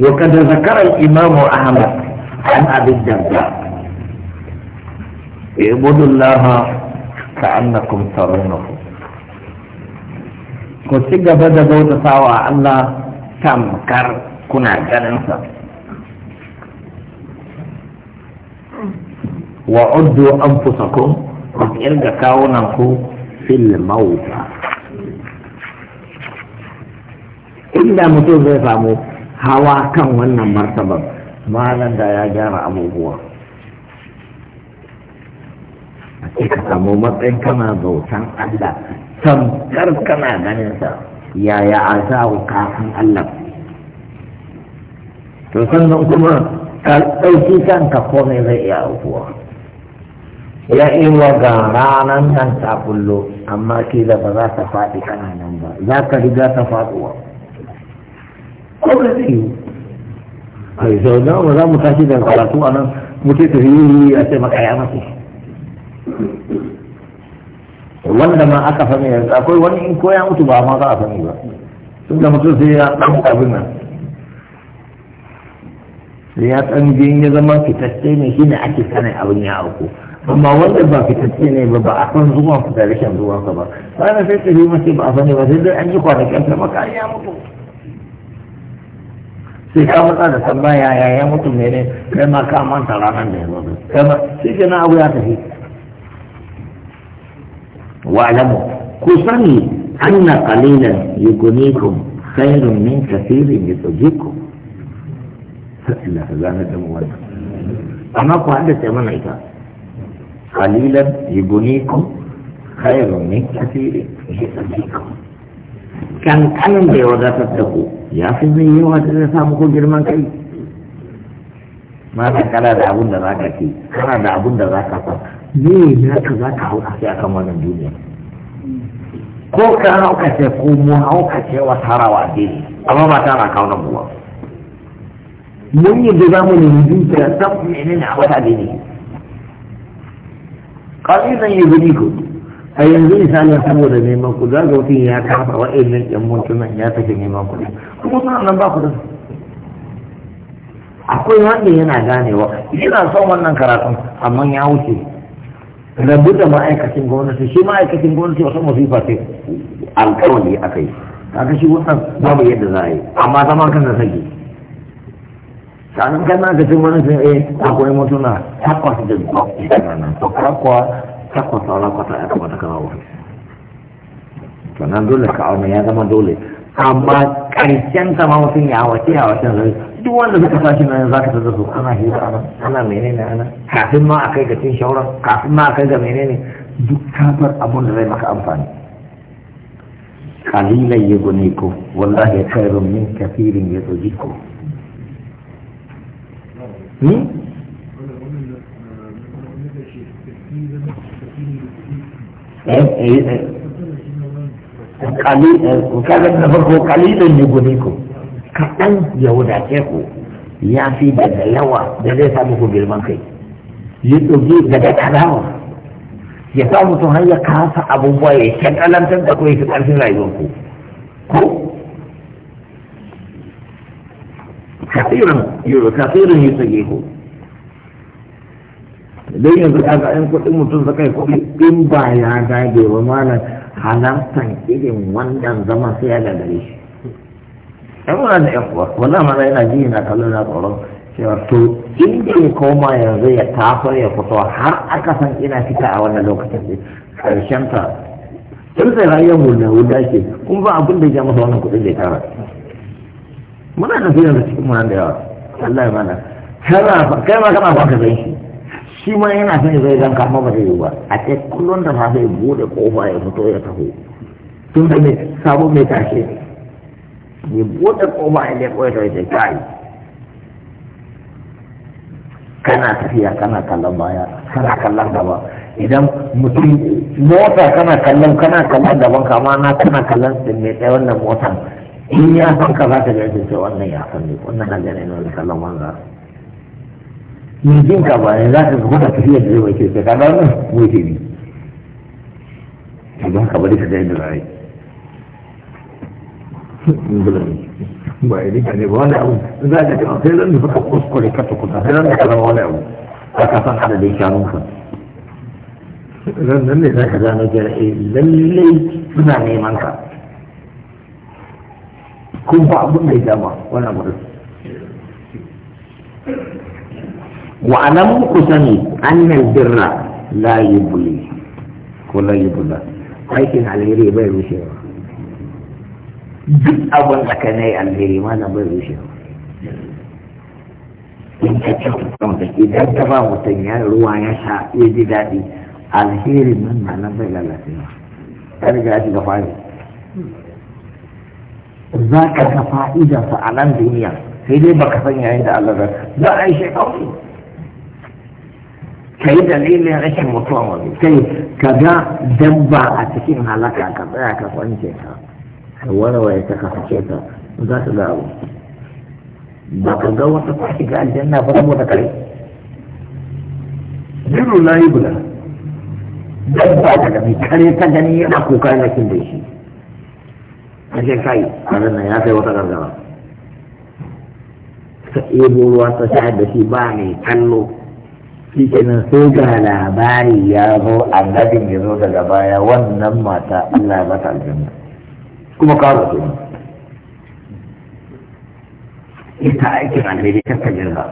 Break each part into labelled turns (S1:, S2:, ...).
S1: وقد ذكر الإمام أحمد عن أبي الدرداء اعبدوا الله كأنكم ترونه كسيجا بدا بوتا ساوى الله تم كنا جننسا وعدوا أنفسكم وإلغا كاونكم في الموتى إلا متوزي فاموك hawa kan wannan martaban malam da ya gyara abubuwa a ce ka samu matsayin kana bautan Allah tamkar kana ganin sa yaya a zawo kafin Allah to sannan kuma ka ɗauki kanka komai zai iya abubuwa? ya wa ga ranar nan ta kullo amma kila ba za ta faɗi kana ba za ka riga ta faɗuwa ko ba zai yi ai sau da ba za mu tashi daga karatu a nan muke tafi yi a ce maka ya mace wanda ma aka sani yanzu akwai wani in koya mutu ba ma za a sani ba tun da mutum sai ya ɗan abin nan sai ya ɗan jin ya zama fitacce ne shi ne ake sanin abin ya auku amma wanda ba fitacce ne ba ba a san zuwan fita rashin zuwansa ba sai na sai tafi mace ba a sani ba sai dai an yi kwanakin ta maka ya mutu sai ka matsa da sallah ya ya ya mutum ne ne kai ma ka manta ranar da ya zo kai ma shi ke na abu ya tafi wa alamu ku sani anna qalilan yugunikum khairun min kathirin yusujikum Allah zan da mu wannan amma ku hada sai mana ita qalilan yugunikum khairun min kathirin yusujikum kan kanin da ya wadatar da ku ya fi min yawa da zai samu ko girman kai mata kana da abun da za ka ce kana da abun da za ka san me za ka za ka hau a akan wannan duniya ko ka ka ce ko mu ka ce wa tarawa dai amma ba ta na kawo nan buwa mun yi da zamu ne ta san menene a wata dai ne qalilan yuznikum a yanzu misalin saboda neman ku za ga mutum ya kafa wa? wa'annan ɗan mutumin ya tafi neman kuɗi kuma suna nan ba ku da akwai wanda yana ganewa yana son wannan karatun amma ya wuce rabu da ma'aikacin gwamnati shi ma'aikacin gwamnati wasu masifa ce alƙawari aka yi kaga shi wannan babu yadda za a yi amma zama kan da sage sanin kan na ga cin wani sun eh akwai mutuna takwas da gwamnati takwas sauran kwata ya kamata ka zawo sannan dole ka auna ya zama dole amma karshen sama mutum ya wace ya wace zai duk wanda suka sashi nan za ka tada su ana hira ana ana menene ana kafin ma a kai ga cin shauran kafin ma a kai ga menene duk kafar abun da zai maka amfani kalilan ya gune ku wallahi khairun min kafirin ya tsoji ku ni hmm? kaga na farko kalilin ne gune ku kaɗan ya wadace ku ya fi daga yawa da zai samu ku girman kai ya ɗauki daga kalawa ya sa mutum har ya kasa abubuwa ya shagalantar da ku ya fi ƙarfin rayuwar ku ko kasirin yau kasirin yi tsage ku Idan yanzu ya ga 'yan kuɗin mutum suka yi kuɗi in ba ya dage ba malam halartan irin wannan zaman sai ya gagare shi yan wani da yan uwa wannan mana yana ji yana kallon na tsoron cewa to in da ya koma yanzu ya taso ya fito har aka san ina fita a wannan lokacin ne karshen ta tun sai rayuwar mu na wuda ce kuma ba abin da ya masa wannan kuɗin da ya tara muna da fiye da cikin mu da yawa Allah ya mana kai ma kana ba ka zai shi shi ma yana son ya zai zanka ma ba zai yi ba a ce kullum da safe ya bude kofa ya fito ya taho tun da mai sabon mai tashe ya bude kofa ya leko ya taho ya kai kana tafiya kana kallon baya kana kallon gaba idan mutum mota kana kallon kana kallon gaban kama na kana kallon din mai tsaye wannan motan in ya san ka za ka ga ce wannan ya san ne wannan na gane ne kallon wannan mai jin ka ba za ka kuma tafiyar da zai mai kyau ka ga wannan wuce ne to don ka bari ka ga yadda za a yi ba ya rika ne ba wani abu za ka ga sai zan da suka kuskure ka tukuta sai zan da ka zama wani abu ba ka san adadin shanunka zan nan ne za ka gano da eh, lallai suna neman ka kun ba abin da ya dama wannan mutum wa alam ku sani annal birra la yubli ko la yubla aikin alheri bai rushewa duk abin da ka nai alheri ma na bai rushewa in ka ci idan ka ba mutum ya ruwa ya sha ya ji daɗi alheri nan na nan bai lalacewa ka riga ya shiga fari za ka ka fa'idarsa a nan duniya sai dai baka san yayin da Allah za a yi shekaru فإذا العلم غير مطور كي كذا ذنب أتكلم على كذا كذا كذا وين شيء كذا ولا ولا كذا شيء كذا وذا تداو بقى الجو تفتح كذا الجنة بسمو تكلم جل لا يبلا ذنب هذا كذا كذا كذا جنية ما كوكاي لكن ليش أجل كاي هذا نيا في وتر كذا Ibu luar tersebut di Bani, kan lu shi kenan sai ga labari ya zo annabin ya zo daga baya wannan mata Allah ya bata aljanna kuma ka rasu ita aikin alheri kakka jirga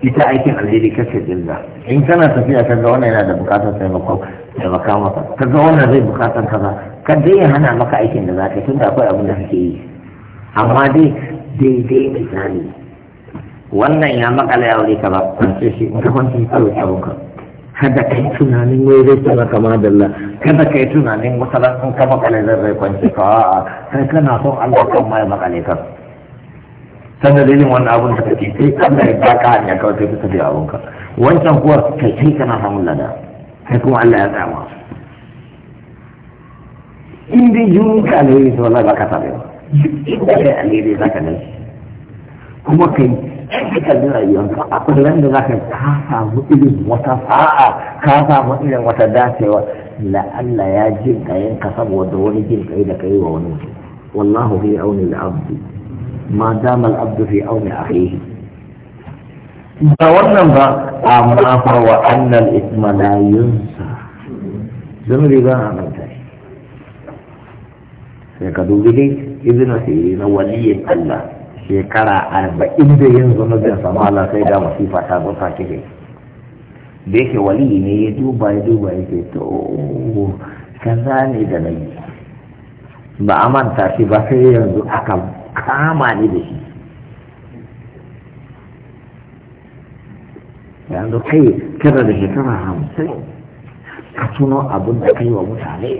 S1: ita aikin alheri kakka jirga in kana tafiya kaga wannan yana da bukatar taimako taimaka maka kaga wannan zai bukatar kaza ka dai ya hana maka aikin da za ka tunda akwai abin da kake yi amma dai daidai misali wannan ya makala ya wuri ka ba kwance shi in ka kwance shi kawai abun ka kada kai tunanin wai zai kama da Allah kada kai tunanin wata ran in ka makale zai zai kwance ka a'a sai kana son Allah kan mai ya makale ka san dalilin wannan abun da kake sai Allah ya baka hanya kawai sai ka tafi abun ka wancan kuwa kai kai kana samun lada sai kuma Allah ya tsama in dai jun ka ne to Allah baka sabe ba inda kai alheri zaka ne kuma kai ka jira yanzu akwai ran da za ka ka samu irin wata sa'a ka samu irin wata dacewa la Allah ya jin kayan ka saboda wani jin kai da kai wa wani wallahu fi auni al-abd ma dama al-abd fi auni akhihi ba wannan ba amma fa wa anna al-ithma la yunsa zamiri ba a manta sai ka dubi dai ibnu sirina waliyin Allah shekara arba'in da yin zunubin samala sai ga masifa ta zo ta kire da yake wali ne ya duba ya duba ya ce to kaza ne da na yi ba a manta shi ba sai yanzu aka kama ni da shi yanzu kai kira da shekara hamsin ka tuno abin da kai wa mutane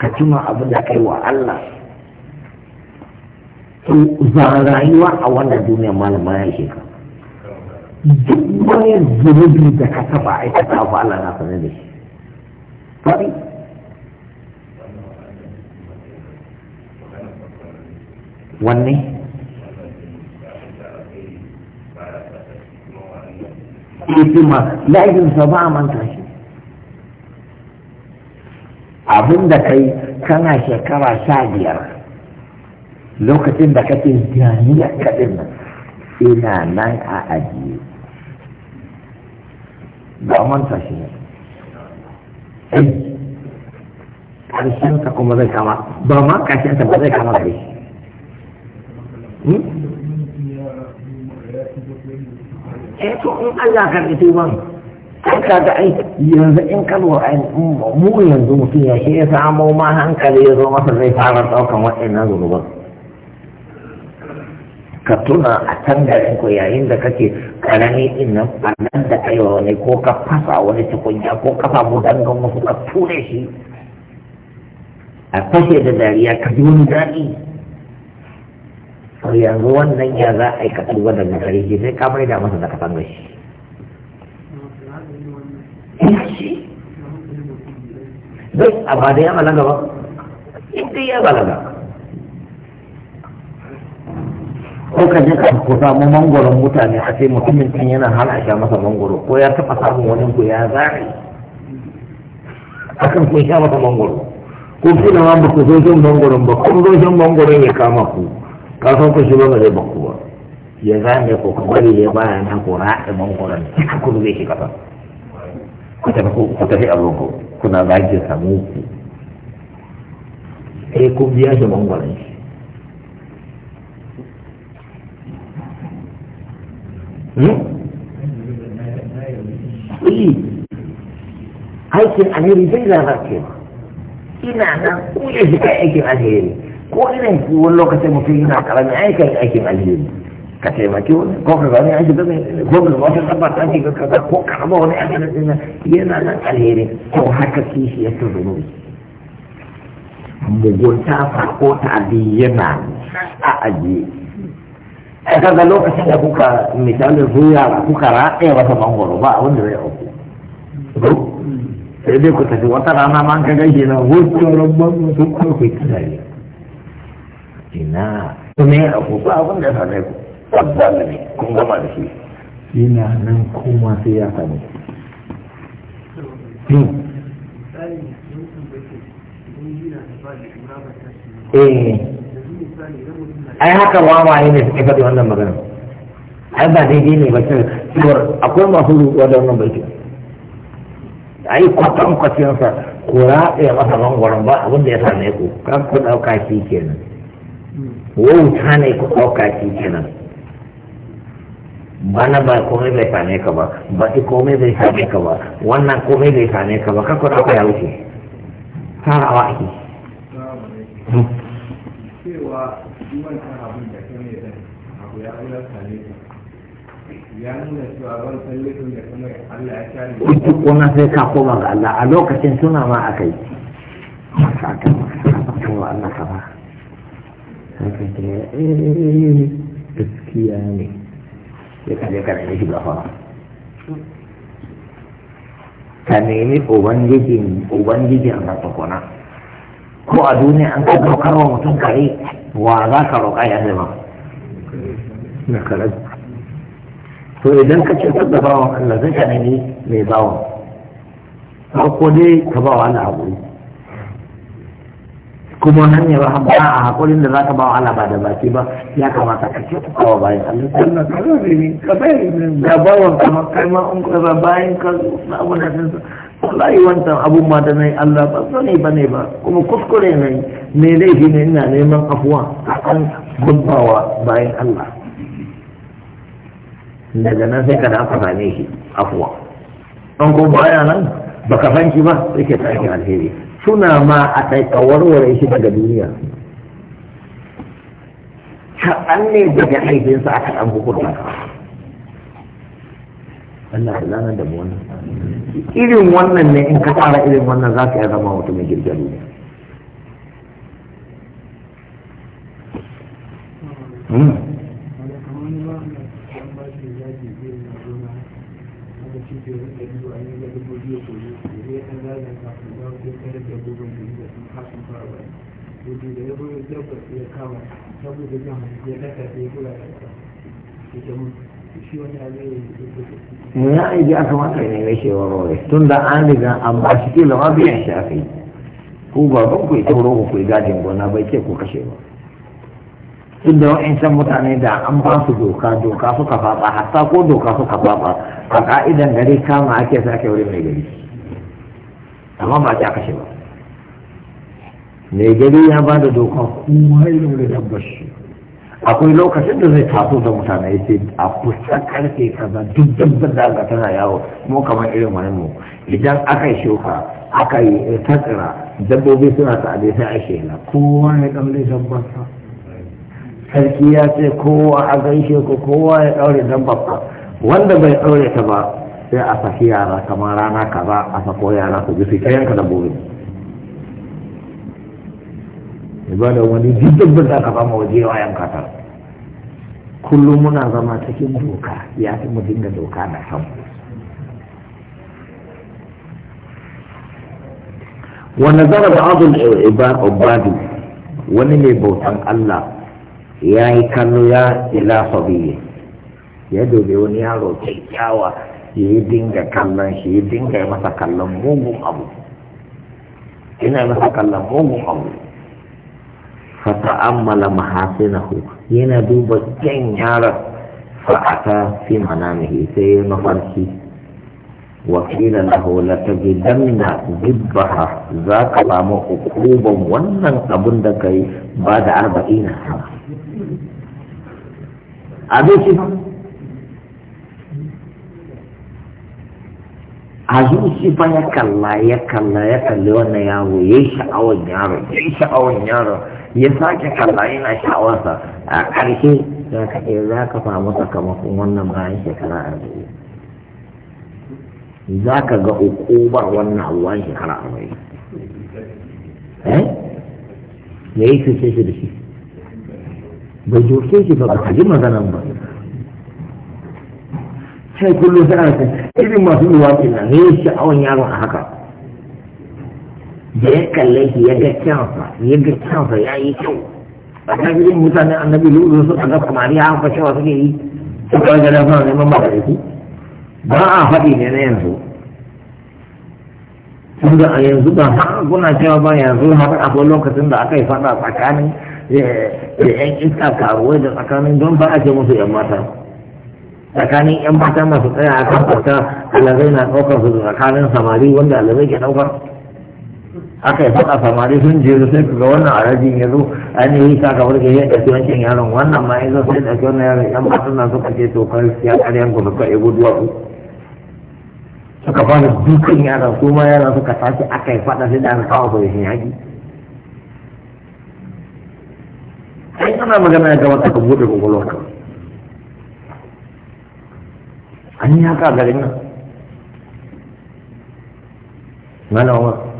S1: ka tuno abin da kai wa Allah to rayuwa a wannan duniyar malama ya shekara duk bayan zunubi da ka taba aikata ba Allah na sanar da shi faɗi wanne ma laifin sa ba a manta shi abin da kai kana shekara sha biyar lokacin da kake jami'a kaɗin nan ina nan a ajiye ba manta shi ne eh, ƙarshenta kuma zai kama ba ma ƙarshenta ba zai kama gare shi hmm? eh to in Allah ka ga tuban sai ka ga ai yanzu in ka lura ai mu yanzu mutum ya ke samu ma hankali ya zo masa zai fara ɗaukan waɗannan zunuban ka tuna a can garin ku yayin da kake karami din nan a nan da kai wa wani ko ka fasa wani tukunya ko ka samu dangan wasu ka ture shi a fashe da dariya ka ji wani daɗi sau yanzu wannan ya za a yi ka tuba da, gare shi sai ka da masa da ka san shi Zai a ba da ya balaga ba in dai ya balaga ko ka je ka ku samu mangoron mutane a ce mutumin kan yana hana sha masa mangoro ko ya taba samun wani ko ya zare akan ko sha masa mangoro ko na ma ba ku zo shan mangoron ba kun zo shan mangoron ya kama ku ka san ku shi ba zai ba ku ba ya zame ko ka bari ya baya na ko ra'a mangoron ku zai shi kasa ku tafi ku tafi abin ku kuna zagin samu ku eh ku biya shi mangoron shi aikin alheri zai lalace ba ina nan ko ya shiga aikin alheri ko irin wani lokacin mutum yana karamin aikin aikin alheri ka taimaki wani ko ka aiki da ko ka wata ta aiki kaza ko ka wani aiki da yana nan alheri ko haka kishi ya ta zunubi mugunta fa ko ta abi yana a ajiye a kaga lokacin da kuka misalin su yara kuka raɗe masa mangoro ba wanda zai auku sai dai ku tafi wata rana ma ka gaishe na wucin rabban su kuma ku yi tunani ina ku ne a ku ba abin ya same ku wadda ne kun gama da shi ina nan kuma sai ya same hmm. eh ai haka wawaye ne suke faɗi wannan magana ai ba daidai ne ba ce cewar akwai masu rubuwa da wannan baiti a yi kwatan kwacinsa ko ratse masa mangwaron ba abinda ya same ku kan ku ɗauka shi kenan wauta ne ku ɗauka shi kenan bana ba komai bai same ka ba baki komai bai same ka ba wannan komai bai same ka ba kakwa ɗauka ya wuce farawa ake cewa duwan kan abin da kan yi zai abu ya kula sale ta, ya nuna cewa ban san laifin da kuma Allah ya kare ku wannan sai ka koma ga Allah a lokacin suna ma akai masa aka masa wa Allah ka ba sai ka eh gaskiya ne sai ka je ka nemi shi gafara ka nemi ubangijin ubangijin ka tukuna ko a duniya an ka daukar wa mutum kare wa za ka roƙa ya zama na kare to idan ka ce da bawan Allah zai ka nemi mai bawan ko dai ka ba wa Allah haƙuri kuma nan ne ba ba a haƙurin da za ka ba wa Allah ba da baki ba ya kamata ka ce ka wa bayan Allah ka zai ka bayan ka kai ma in ka bayan ka abu na wallahi wancan abun ma da nai Allah ba so ne bane ba kuma kuskure ne me laifi ne ina neman afuwa a kan gumbawa bayan Allah daga nan sai ka da aka same shi afuwa an ko baya nan baka ka ba sai ke alheri suna ma a kai warware shi daga duniya kaɗan ne daga aikinsa a kaɗan hukunta Allah ya lana da mu wannan irin wannan ne in ka tsara irin wannan za ka iya zama mutumin girgin duniya saboda ya saboda ya aiki aka mata ne mai shawarware tun da an riga an ba shi kila ma biyan shi aka yi ku ba ban ku ita roƙo ku gadin gona bai ce ku kashe ba tun da wa'ancan mutane da an ba su doka doka suka faɓa hatta ko doka suka faɓa a ka'idan gari kama ake sake wurin mai gari amma ba ta kashe ba mai gari ya ba da doka kuma ya da dabbar shi akwai lokacin da zai taso da mutane ya ce a kusa karfe kaza duk dabbar da aka tana yawo mu kamar irin wani mu idan aka yi shuka aka yi eh, tatsira dabbobi suna ta'ade sai a shela kowa ya ɗaure sa sarki ya ce kowa a gaishe ku kowa ya ɗaure sa wanda bai ɗaure ta ba sai a saki yara kamar rana kaza a sako yara su bi su yanka dabbobi ibada wani duk dabbar za ka fama waje yawa yan ta kullum muna zama cikin doka ya fi mu dinga doka da san wani zara da abul ibadu wani mai bautan Allah ya yi kallo ya ila sabiye ya dobe wani yaro kyakkyawa ya yi dinga kallon shi ya dinga masa kallon mugun abu ina masa kallon mugun abu فتأمل محاسنه ينا دوبا كين يارا فأتى في منامه في مفركي وقيل له لتجدن جبها ذاك قام عقوبا ونن أبن دكي بعد أربعين سنة أبيتي a zuci ba ya kalla ya kalla ya kalli wannan yaro ya yi sha'awar yaron ya yi sha'awar yaron ya sake kalla yana sha'awarsa a ƙarshe za ka za ka samu sakamakon wannan bayan shekara arba'in za ka ga ukubar wannan abuwan shekara arba'in eh me yi cuce shi da shi bai cuce shi ba ka ji maganan ba sai kullum sai ana irin masu luwaɗi na ne sha'awan yaron a haka da ya kalle shi ya ga kyansa ya ga kyansa ya yi kyau a kan mutanen annabi lulu su ga kamari ya hafa cewa suke yi su kawai ga dafa neman shi, ba a faɗi ne na yanzu tun da a yanzu ba har kuna cewa ba yanzu har akwai lokacin da aka yi faɗa tsakanin eh, da yan iska karuwai da tsakanin don ba a ce musu yan mata tsakanin yan mata masu tsaya a kan kwata alazai na ɗaukar su tsakanin samari wanda alazai ke ɗaukar aka yi faɗa samari sun jeru sai ka ga wannan arajin ya zo an yi ta kamar ke ya ɗauki wancan yaron wannan ma ya zo sai ɗauki wannan yaron yan matan na suka ce to kai siya ƙaryan ku suka ego duwatsu suka fara dukan yaron su ma yaron suka tashi aka yi faɗa sai da aka kawo kwamishin yaƙi ai ana magana ya gabata ka buɗe kwakwalwarka an yi haka garin nan malamar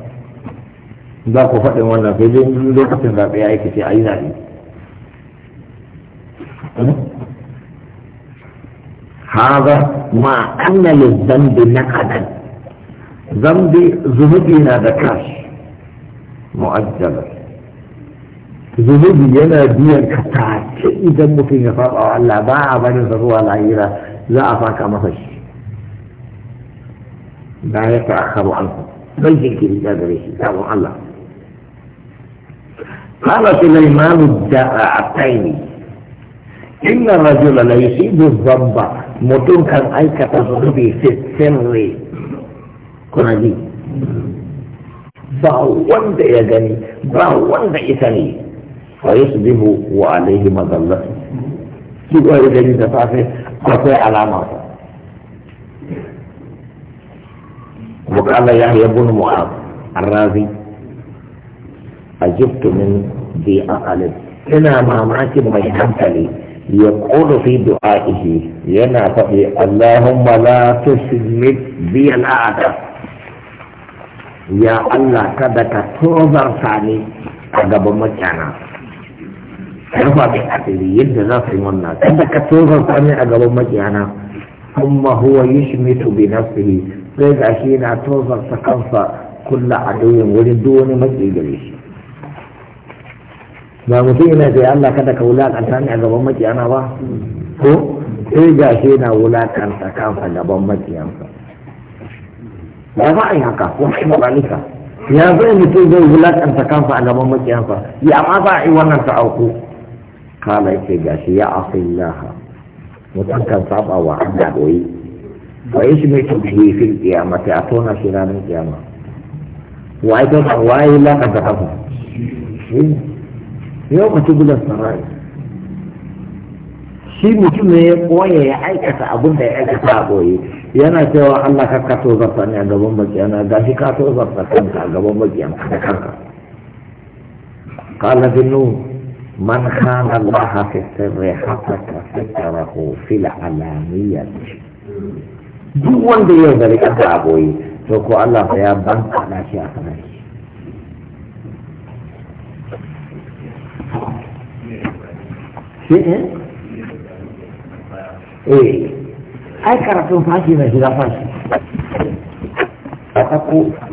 S1: za ku faɗin wannan sai dai lokacin zaɓe ya yake ce a yi zaɓe هذا ما أن للذنب نقدا ذنب ذنوبنا ذكاش مؤجلا ذنوبي ينا بيان كتاك إذا ممكن يفرق على الله باع بني ذروة العيرة لا أفاك مفش لا يتأخر عنه بل ذكر هذا ليش الله قال سليمان الدعتين إن الرجل لا يصيب الذنب متون كان أي كتذنبي في السر كنا دي ba wanda ya gani ba wanda ita ne fa yusbihu wa ba akwai alama وقال يحيى بن معاذ الرازي أجبت من ذي أقلب إنا ما معك من يقول في دعائه ينا فقي اللهم لا تسمد بي الأعداء يا الله كدك توبر ثاني أدب مكانا كما بأكل يد نفسي منا كذا توبر ثاني أدب مكانا ثم هو يشمت بنفسه فإذا حين توبر سكنفا كل عدو ولدون مجيجليش ba mutum yana da Allah kada ka wulakanta ni a gaban makiyana ba ko sai ga shi na wulakanta a gaban makiyansa ba za a yi haka ko shi ba lika ya zai mutum zai wulakanta kansa a gaban makiyansa ya amma za a yi wannan ta auku kala yake ga shi ya laha mutum kan saba wa Allah doyi ba yi shi mai tabbihi fil Sai a tona shi ranar kiyama wa ba wa yi lakanta kansa yau ci gudan sarai shi mutum ne ya koya ya aikata abin da ya aikata a goyi yana cewa Allah ka kato zarta ne a gaban bakiyana ga shi ka tozarta kanka a gaban bakiyana da kanka قال ذنوب من خان الله في السر حقك ستره في العلانية duk wanda yau da rikanta a goyi to ko Allah ya banka na shi a sanar Eh, eh. eh ai karatun fashi na shiga fashi a